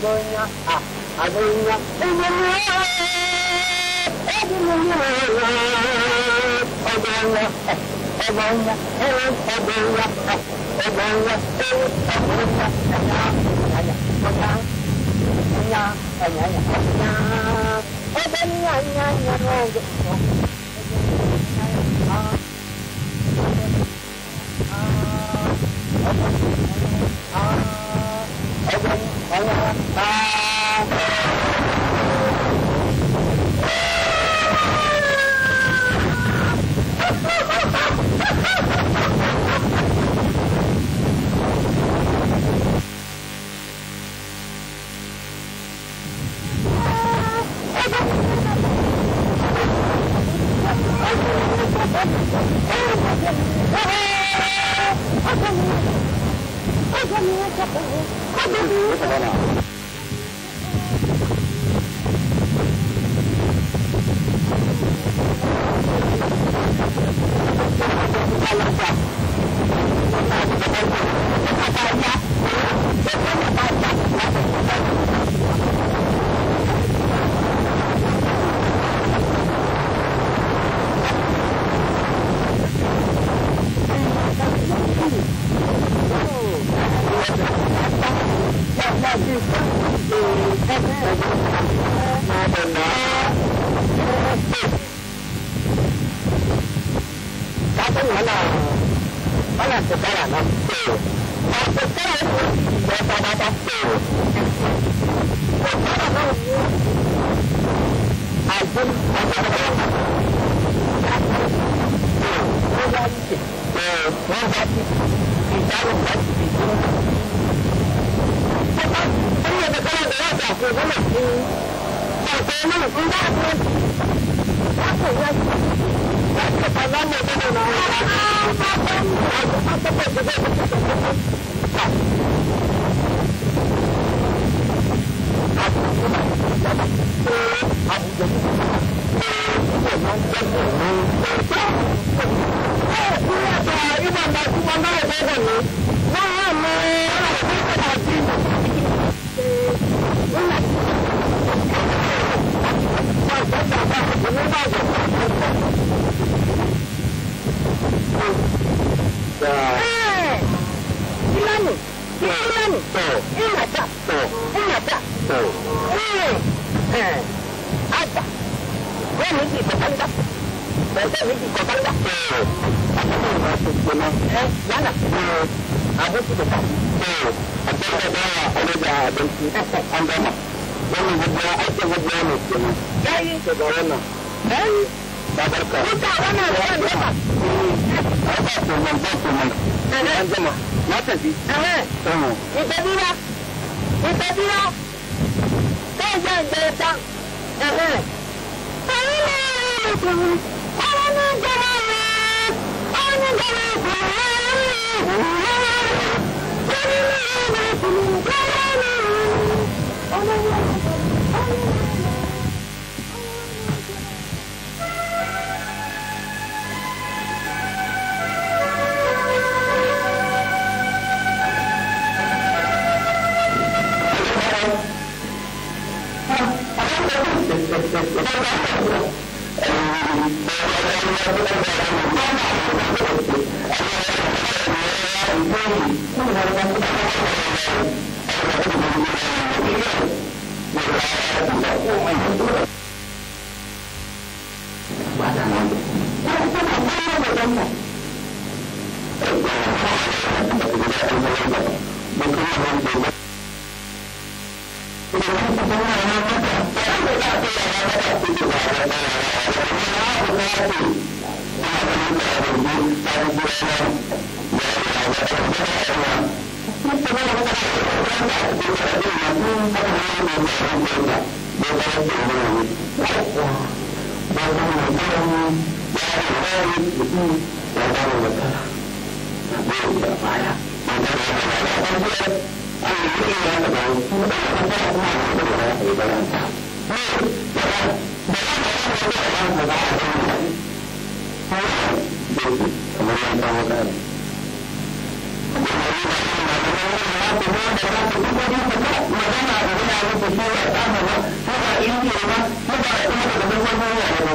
adonya ah adonya adonya adonya adonya adonya adonya Ah Oh, mutum ya samu matsala goyi da baya ya a yi ya da ba su da kuma kuma da ba da ba da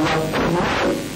ba a samu Thank you.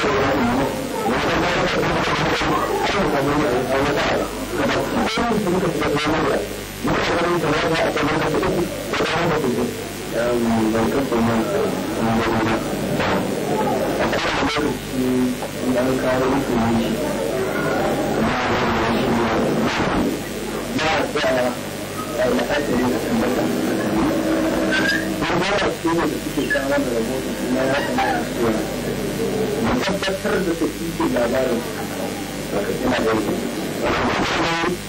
da da Thank you. tabbatar da su ke labarin yana da yi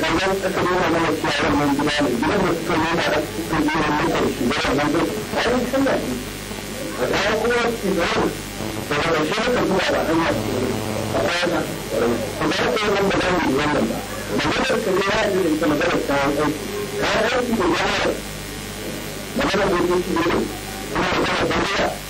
kamar kasar yana mana cewa yan man gida ne gidan da suka nuna a cikin gidan mutan shi da yan man a yi sallah ne a kawo kuma ibrahim da da shi zuwa ba hanya a kwana ku za ku yi wanda zan yi wannan ba maganar ka ne ya yi da ita ta kayan aiki kayan aiki da yawon maganar da ya ci da yau kuma da kuma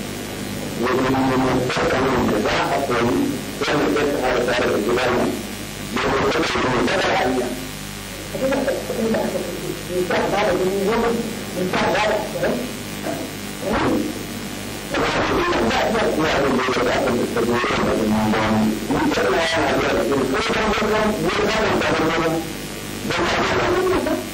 wajen neman tsakanin da za a koyi wanda zai ta da tare da gida ne da ya kwace ne ta da hanya. Thank you.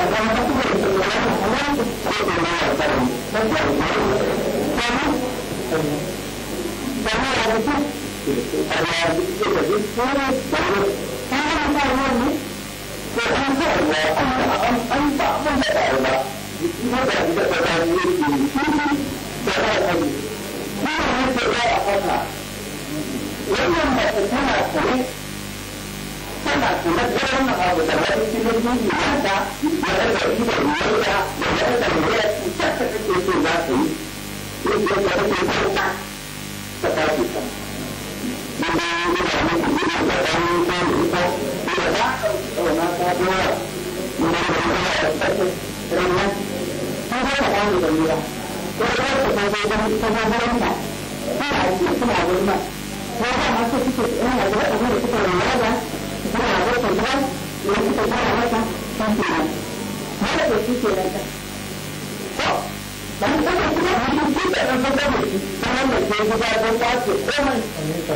wannan mace tana kare sana kuma tsoron makabu da wani filin yanta ya rasa shi da riyarta da ya rasa riyar cutar ta kake so za ka yi ko ko ka rasa kyauta ta kafe ta. Dubu ina muku ina da ɗan ko da ita ina da ɗauna ta doya ina da ɗauna da ɗauna ranar ta ba ta ɗauna da ta ko ba ta ɗauna da ta ba ta ɗauna ina da suna ta ba ko ta ma so ta ina da waɗanda suka rayuwa tana wata biyar yanzu ta tana ta shafi biyar mara da shi ke ta ko dan kuma kuma a cikin kuka dan kuka da shi ta wannan ke guda don ta ce komai a ko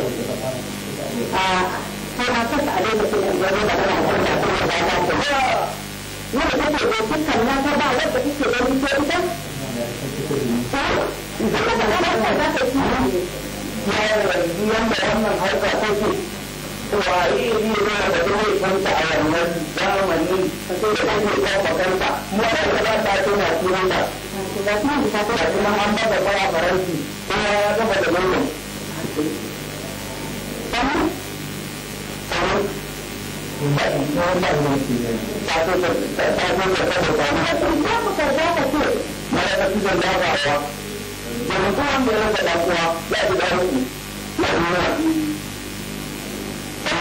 a kasa a daina kuma da wani da ana da kuma da ta ne da kake da dukkan na ta ba wanda kike ganin ko ita ko da kana da ta ce ne ya yi wannan harka ko ce to ba iya yi ba da dole kanta a wannan zamanin sai da ake kawo kanta mu ba ta da ta da kuma ya da ta ta ta ta ta ta ta ta ta ta ta ta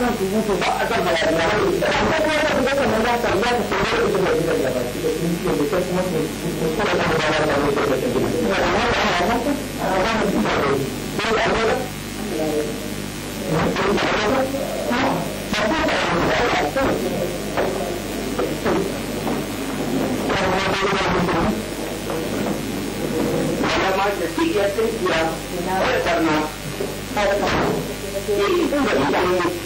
kan su mutu ba a kan malaria amma kuma ta shiga ta ta shiga da ita ita ta kuma ba ta ta ba ta ba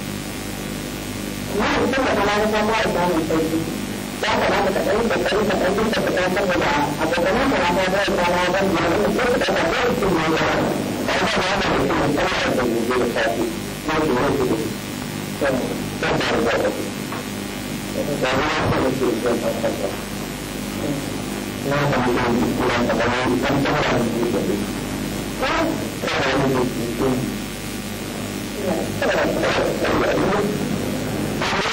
na mutum da kamar ta ma ina mai sauki ya kamata ka ɗan da kai ka ɗan duka ka ɗan saboda abokanan ka mata da ta ma ban ma da ko ka ta ga shi ma ya ba ba ma da shi ne ta ma da shi ne ta shi ma shi ne shi ne ta ta da ta da ma ta da shi ne ta ta ta na ta da shi ne ta ta da shi ta ta da shi ne ta ta da shi ne ta ta da shi ne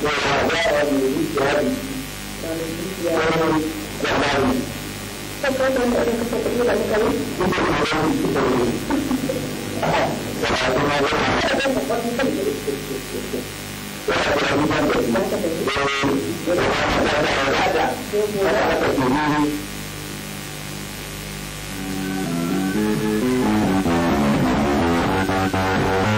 da ba da ne jihadi wani labari Saboda da da Thank you.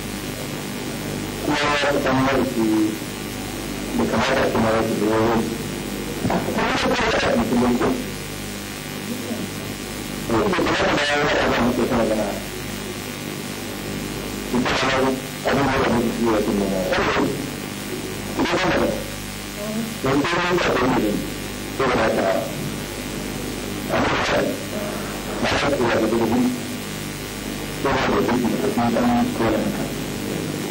kuma ya mariki da kamata kuma ya fi zuwa wani kuma ya fi yadda a mutum yanku kuma ya da wani su yi wasu ne na kuma ya kuma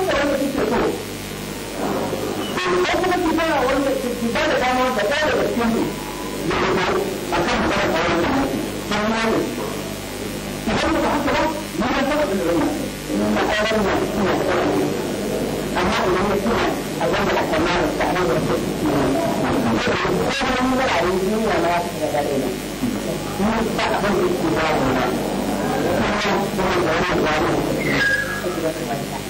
masa wanda kike so ko kuma ki fara wanda ki ba da dama ga ɗaya daga cikin da ya zo a kan fara kawai da mafi kan mawa idan ba haka ba ni ban taɓa da zama a ƙarar na suna kawai amma idan ya a zama a kan mawa da ana da su ko da wani duniya na wasu da gare na ni ba abin da yake ba wa na kuma da wani da wani da wani da wani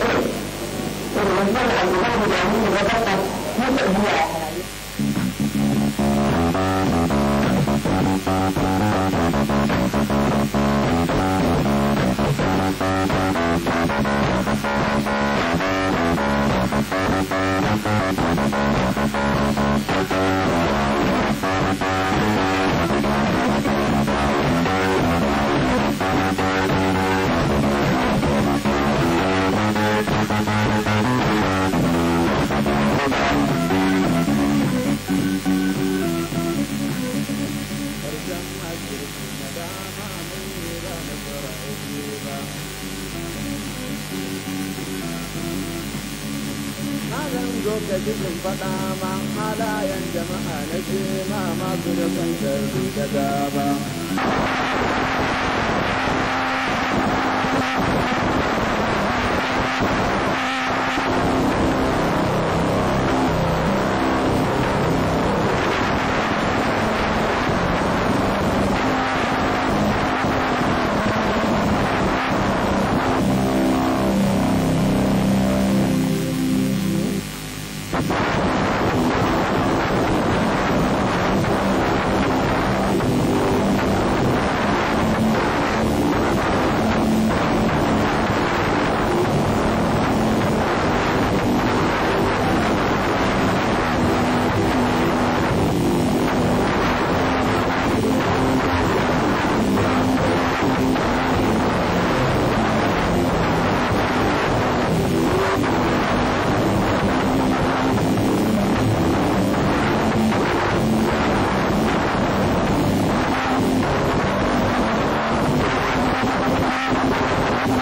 Thank you. zan zo ka ji faɗa ma halayen jama'a na ce ma masu da kwantar da gaba.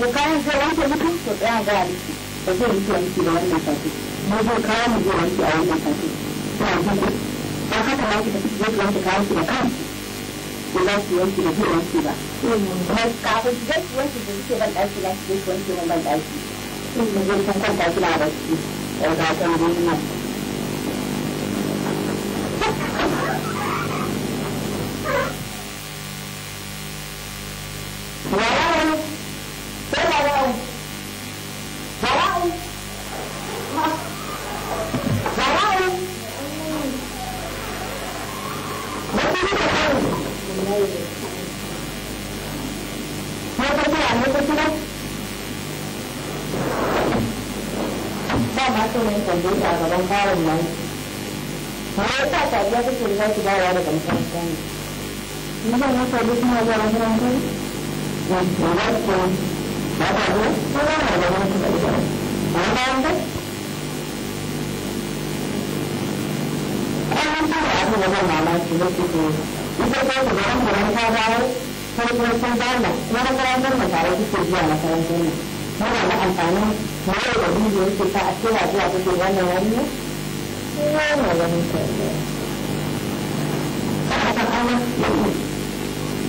da kayan zai wanke mutum to tsaya ga aliki ba zai yi wanki da wannan sati mu zai kawo mu zai wanki a wannan sati ta jiki ba haka ma ki tafi zai wanke kayan ki da kanki ki za ki wanki da zai wanki ba kafin ki zai wanki da zai ban ɗaki za ki zai wanki ban ɗaki in ki zai kan kwanta kina barci daga kan gudunan ne sabi da da mamaki da a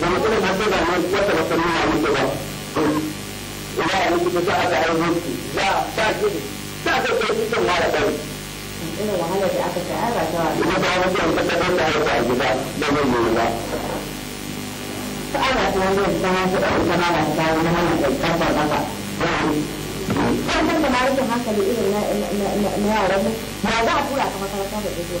da mutum da ta zama wata da sanin ya mutu ba ina ya mutu ta aka haihu ba ba ki ta ta ta ki kan wara bari ina wahala da aka ta ara ta wa ina ba mutum ta ta ta ta ta gida da ban yi ba ta ta wanda ta ma da ta ma ta wani da ta ta ba ba kan da ma rashin hankali irin na na yaran mu ba za a tura ka makaranta da ido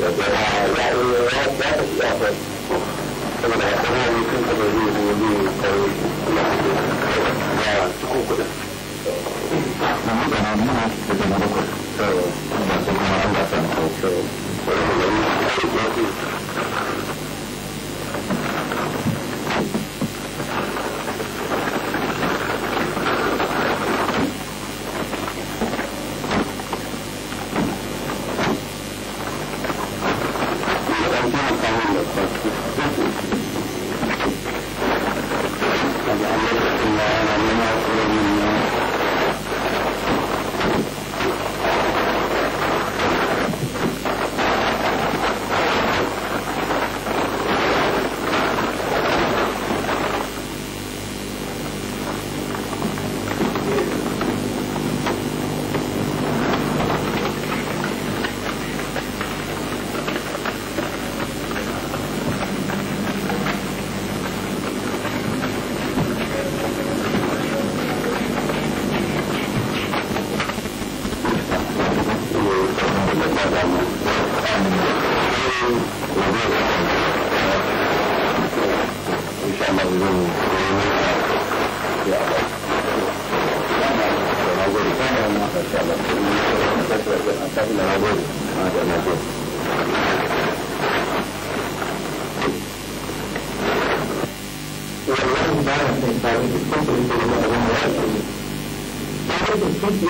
ya zama ya iya ya ta iya ba saboda a kuma ne kan da zai zo ne kawai kuma ya cikin kuɗin na muka na muna da zama da kuɗi ba su kuma an ba san kawai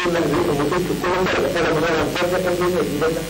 wannan ne da mutum ko wanda ya fara magana ba ta kan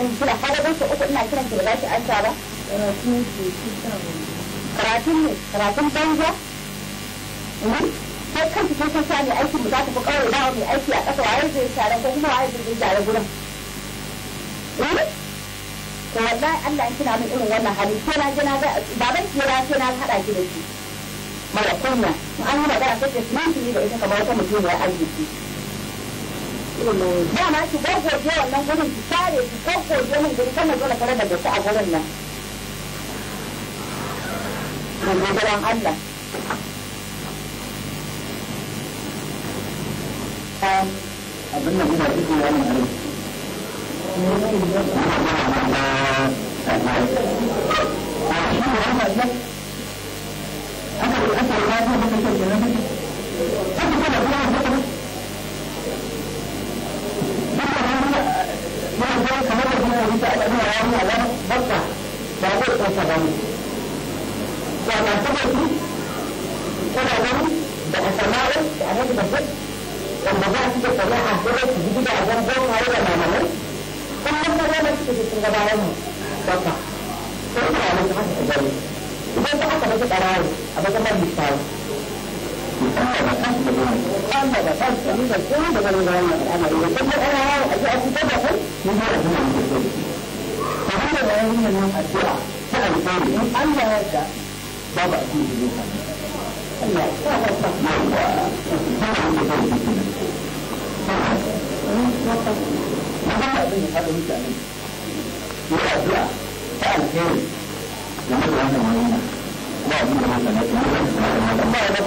kin kira ka da wasu uku ina kiran ki ba shi an ba karatun ne karatun banza ko kan ki kan sa ne aiki mu za ku kawai da mu aiki a kasa waye zai share ko kuma wa waye zai share gurin to wallahi Allah in kina min irin wannan hali ko na je na ga baban ki ya ce na hada ki da shi mara kunya an hada da kake nan ki da ita kamar wata mutum ya arziki na ki gargaje wannan gurin ki tare ki gargaje min gurin kana zo na kare da gaske a gurin nan gurin Allah um, abin da kuma ne da hanya nan barka ba zai ɗauka ba ne ya na zuba su kuna gani da a sama'u da a nan da wanda za su da sana'a ko da su gida a zan boka da mamalai kun nan da zama su ke sun a mu barka ko ina da ta haka gani idan ta haka mace ɓarawo a matsalar misali an daga kan da kuma da ganin ganin al'amari da kuma ana yawo a ji a cikin da kai da ya yi wannan addu'a ta alƙairi in Allah ya yarda babu abin da Allah ya ba yi kuma addu'a ta alƙairi da wannan ba ba ba ba banza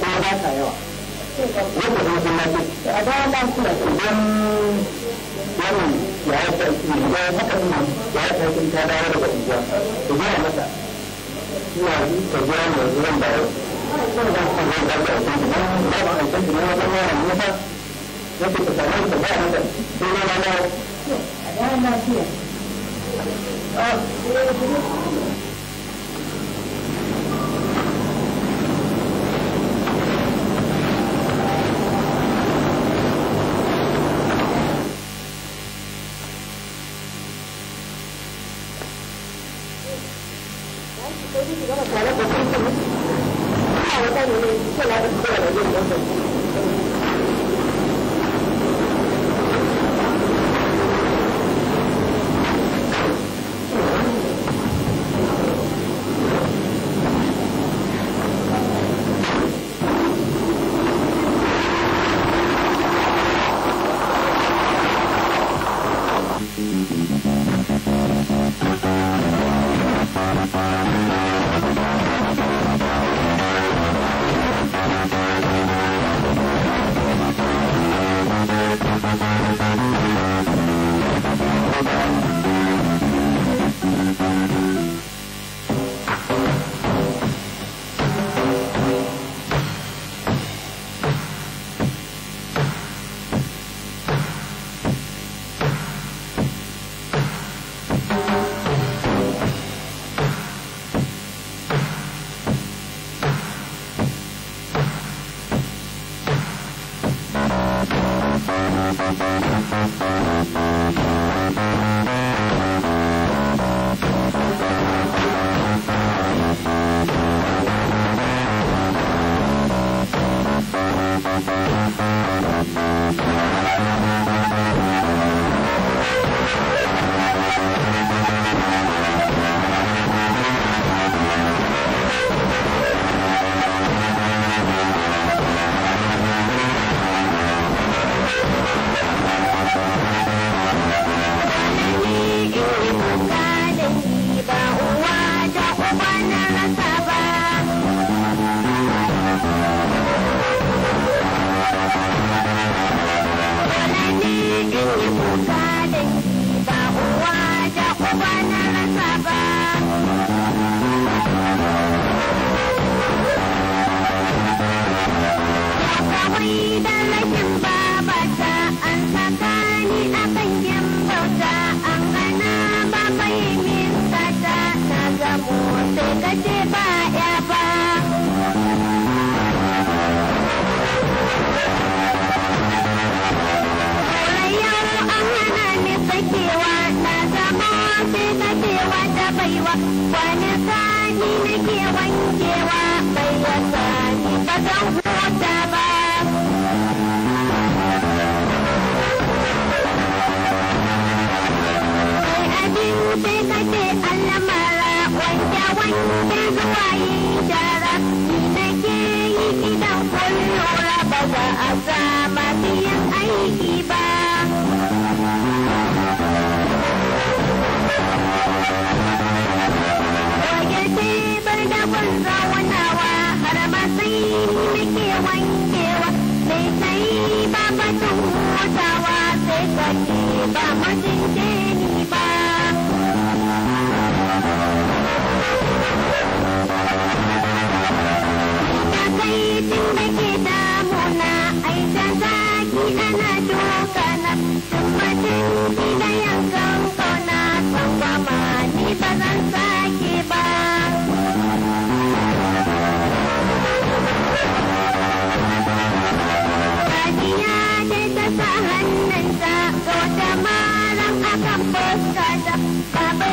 kuma ba yawa yadda kuma sun a ba su da wannan ya yi sarki haka ina ya yi sarki ta dawo mata yi ta da zuwan dawo sun da su zai zarta a cikin nan ba ba ba ba outside.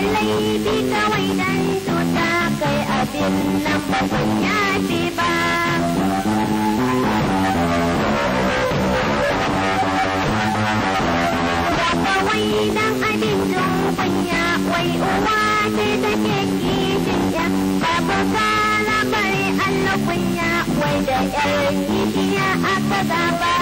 lagi bisa mainan susah kai abin lambakun ya tiba Wai dan abin rupanya wai uwa ce take kishin ya Babu kala bari Allah kunya wai da ƴar kishiya aka zaba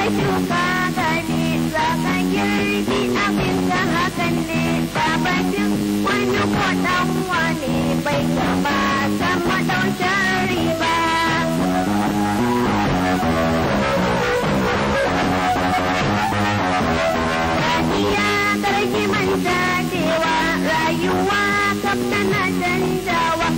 da shuka gane zakan girki ne bai gabata madaushin riba. Lafiya karki manta cewa rayuwa kaf tana canjawa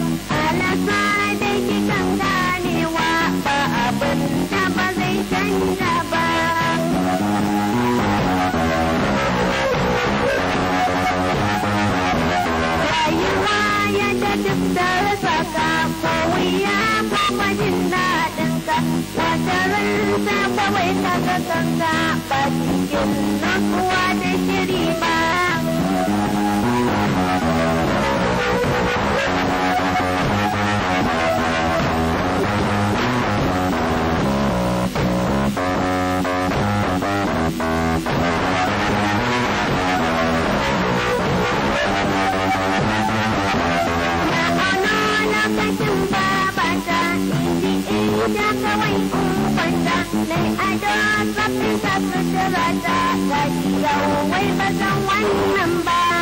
da rasa ka ko wuya ba jin daɗin ka wata ranta kawai ta ga kanka ba cikin da shiri ba. lokacin babata inji inda kawai kubanta na ado zafi ta wannan ba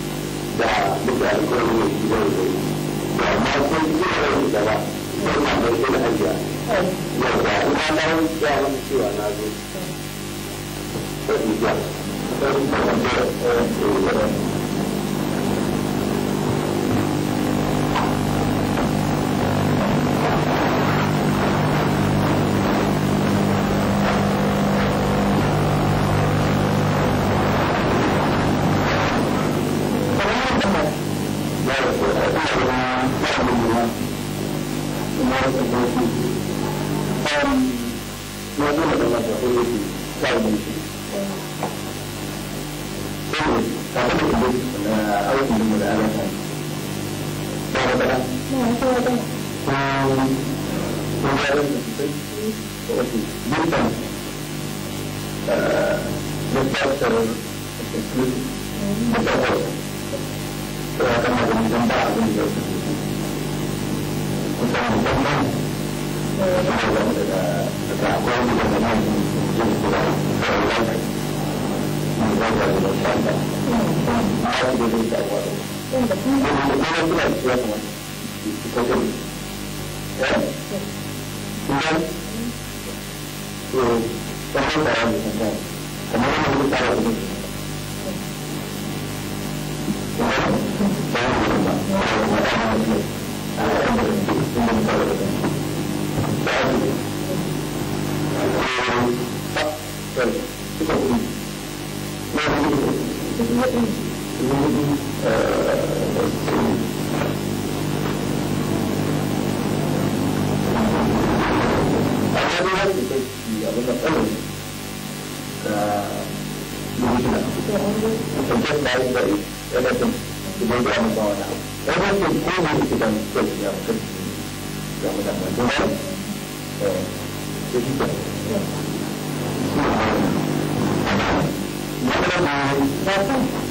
da duka alƙawarin mai shi zai zai da amma kun ji yawan da ba ko ma mai shi da hajiya da wani wani cewa na zo. hudu Thank you.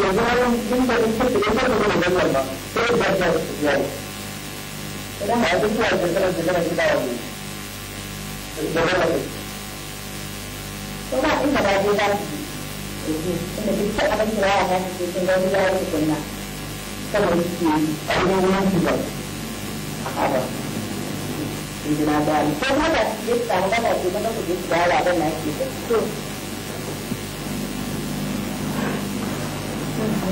yanzu har yin da in kuka yin da kuma wannan da ta tafiya da kana da da ya ta a da ya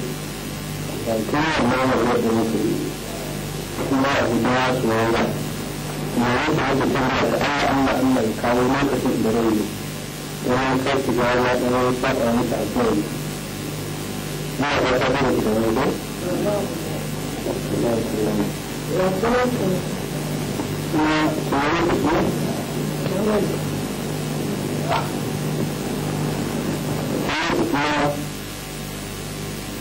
kuma wannan magana da muke kuma a gida su wanda na yi da haka tun da ta ala Allah Allah ya kawo lokacin da rai ne wani kai ki ga ya ɗan wani saɓa mata a kawai na ta da ki da wani dai na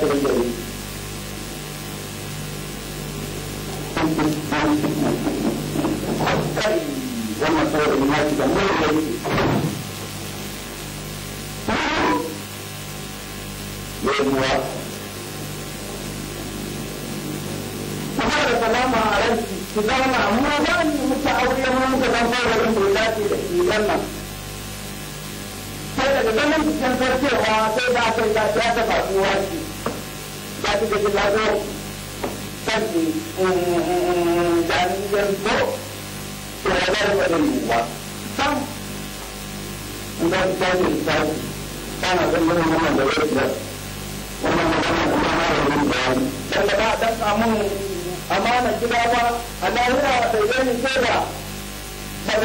ta bangare kai da salama a zauna amma ba da da sai daga ganin cikin sarkewa sai da aka yi ta ta faɗuwa shi fati da gilago sabbi jami'in janto da rabar wadin yiwuwa sam idan ta ce ta ce kana zan gina wannan da wani mana da yin dan da ba dan samun amana gida ba a lahira da yayin sai da ba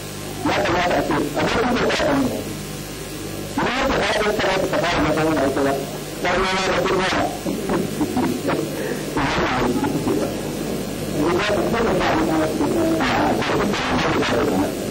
ya kamata ce abokin da ta ɗan na ta ɗan ɗan ta ɗan ta fara masa da kuma Thank you.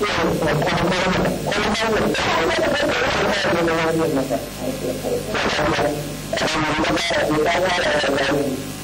Thank you.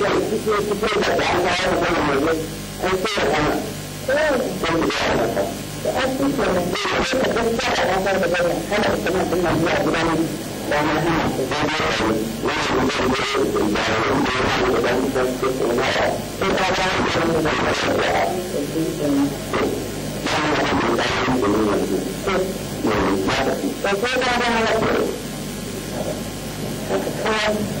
suna cikin da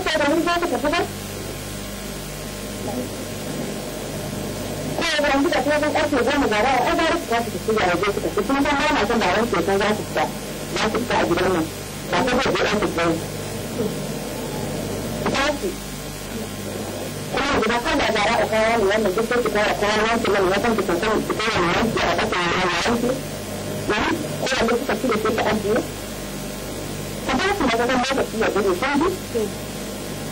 kika da mun za ka tafi ba ko ta a gidan nan ta kuma gara a kawo ne wanda a kasa ya wanki ne ko da ta su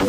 I'm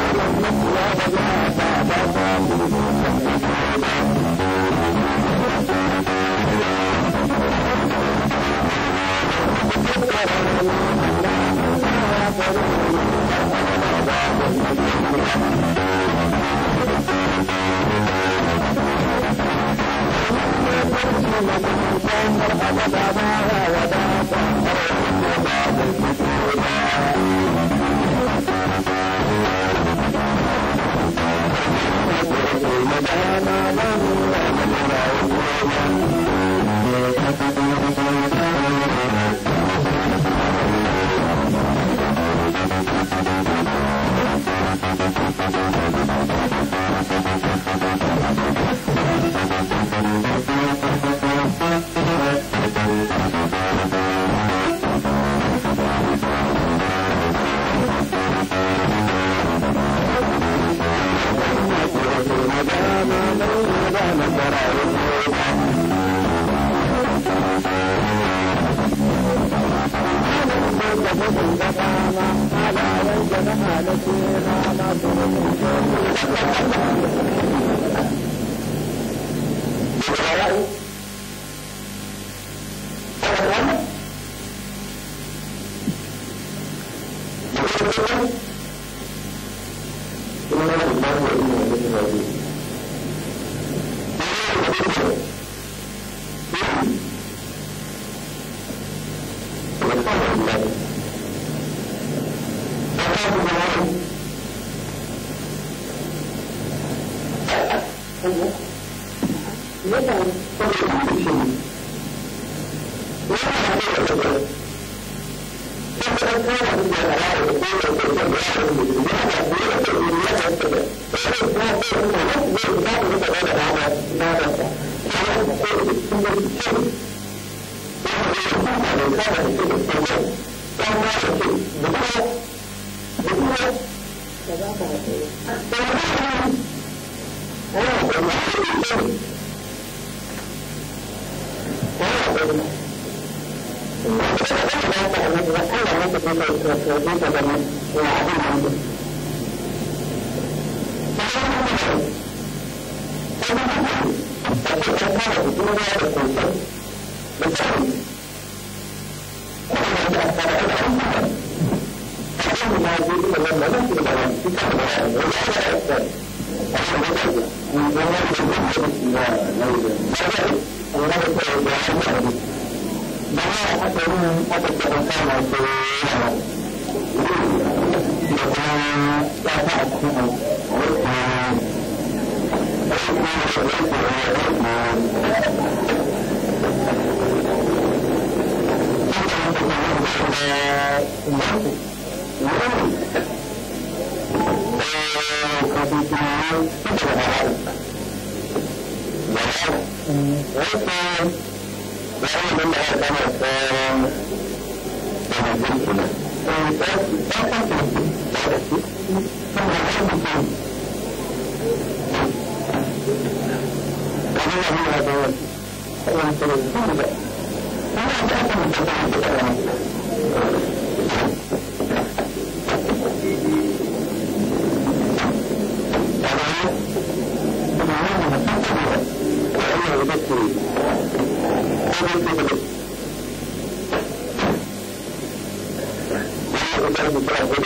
Thank you. da zai ta zama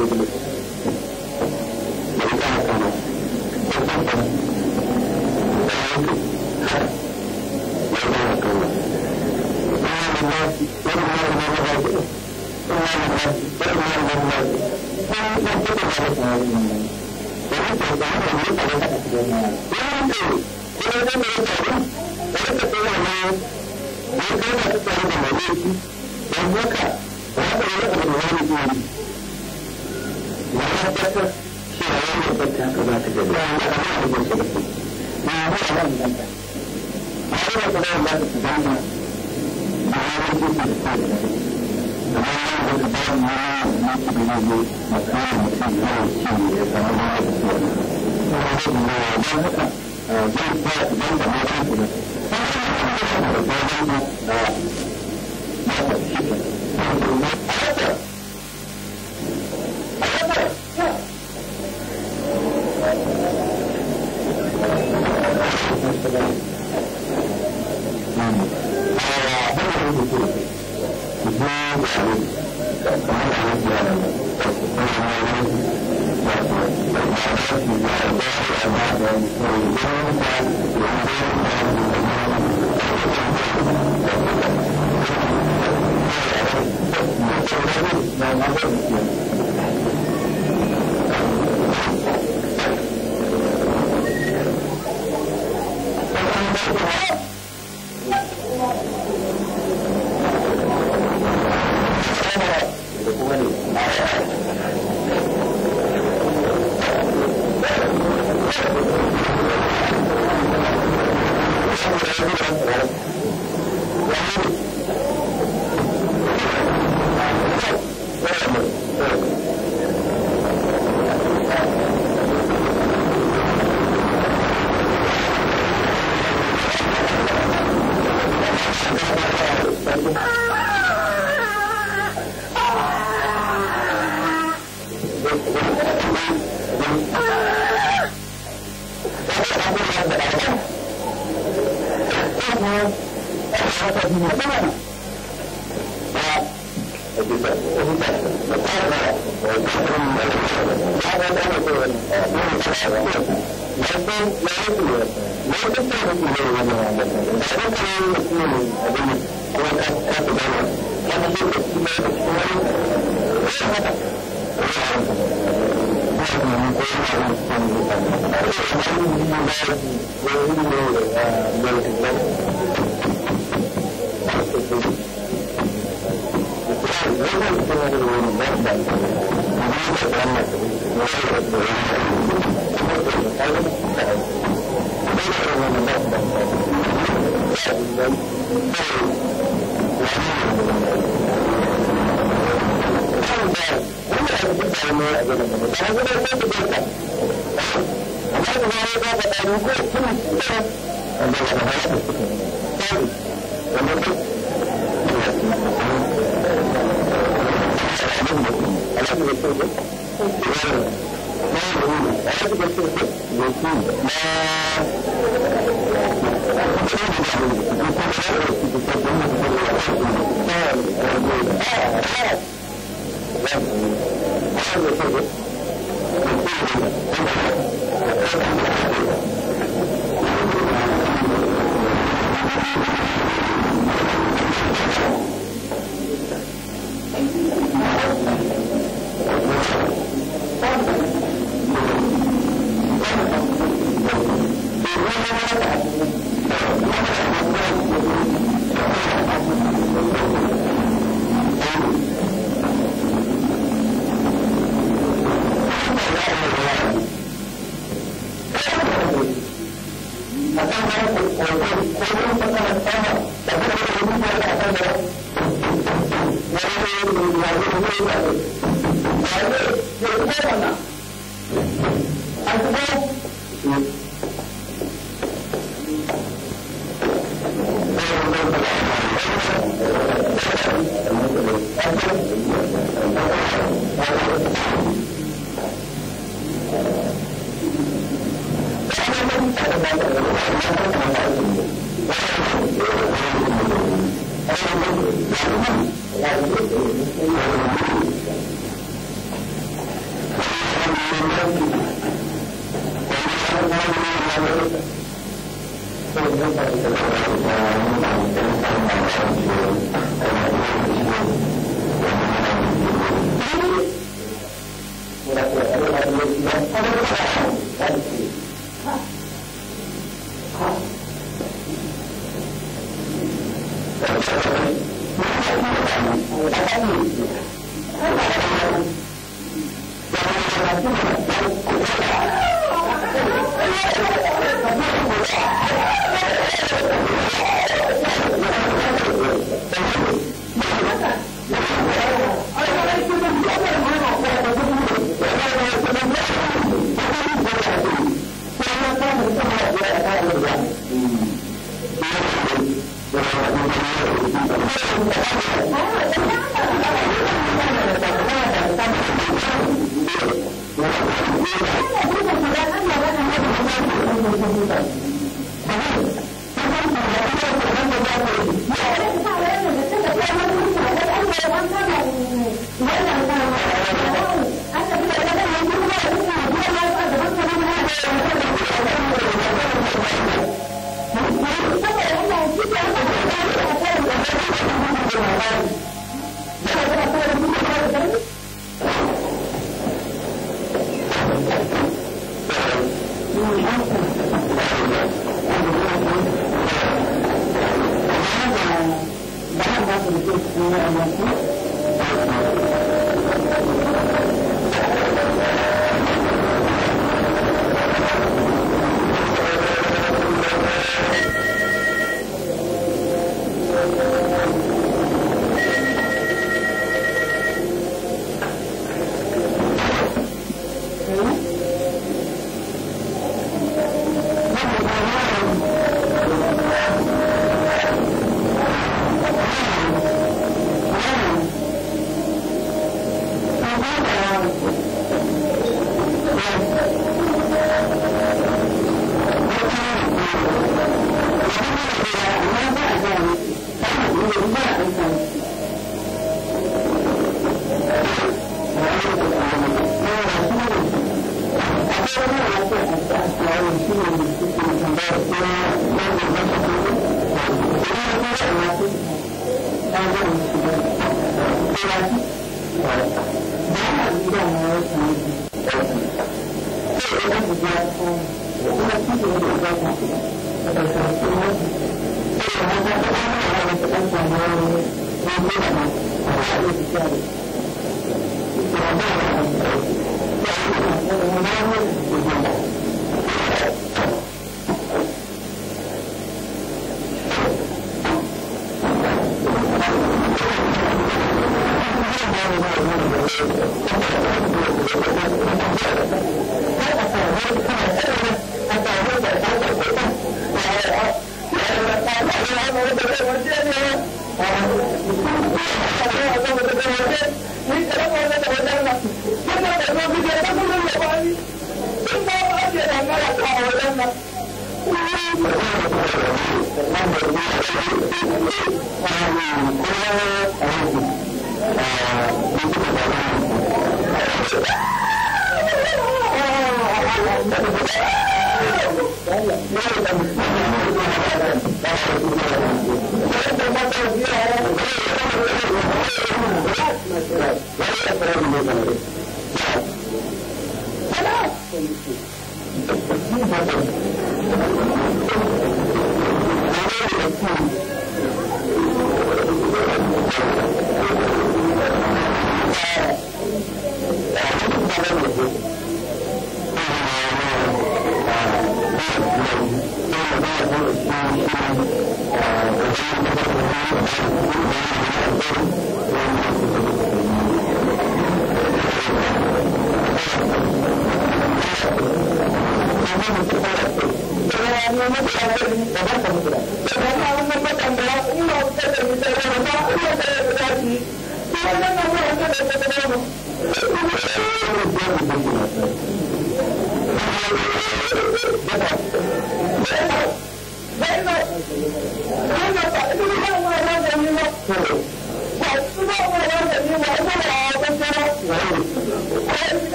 Thank you.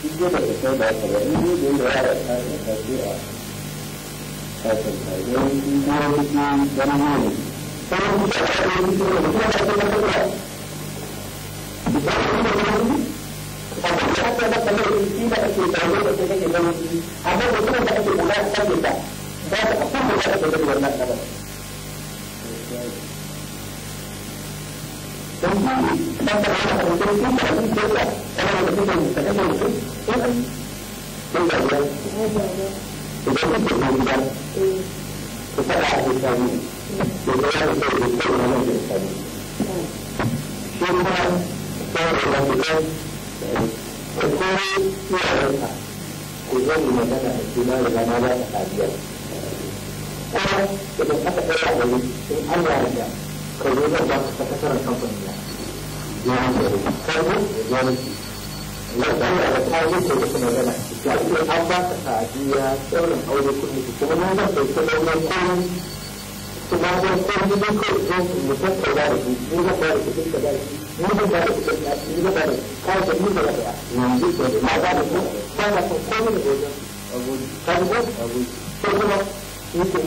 duk da ba ta da ta ne da ya da ta ta ce a ta ta ta don in ji wani ki dan ne sai ku ta ta ni ne da ta ta ta ta ta ta ta da kamar shi da ake tare da take da wani amma da kuma da ake kula da ta ta ba ta kuma da ake da wannan don gobe ba ta rana da sai sun da abin da ya ana da kuma da kada da mutum sai an sai da ruwa idan kun ce gida ku faɗa a kai sami da ya rana da sai da kuma nan da sami shi ma sai da ruwa da kai da kuma yaranka ku zo mu magana da shi na riga na ba ta tafiyar kuma idan aka ɗaya wani in Allah ya ka zo da ba ta kasarar kamfani ya ya hankali ka zo ya nufi wadanda da ta yi da su magana ga iya an ba ka sa'adiyya tsaurin aure kuɗi kuma na zan ɗauki nauyin kuɗi kuma zan kuɗi don kawai zan mu tattauna da su ni zan ba da kuɗin ka ba shi ni zan ba da kuɗin ni zan ba da ta da ni zan ba da yanzu da na da ku ba da da wajen abuji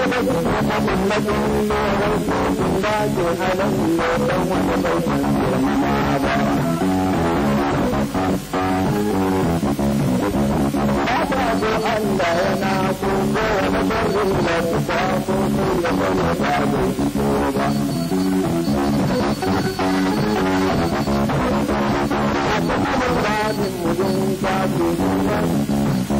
da Thank you.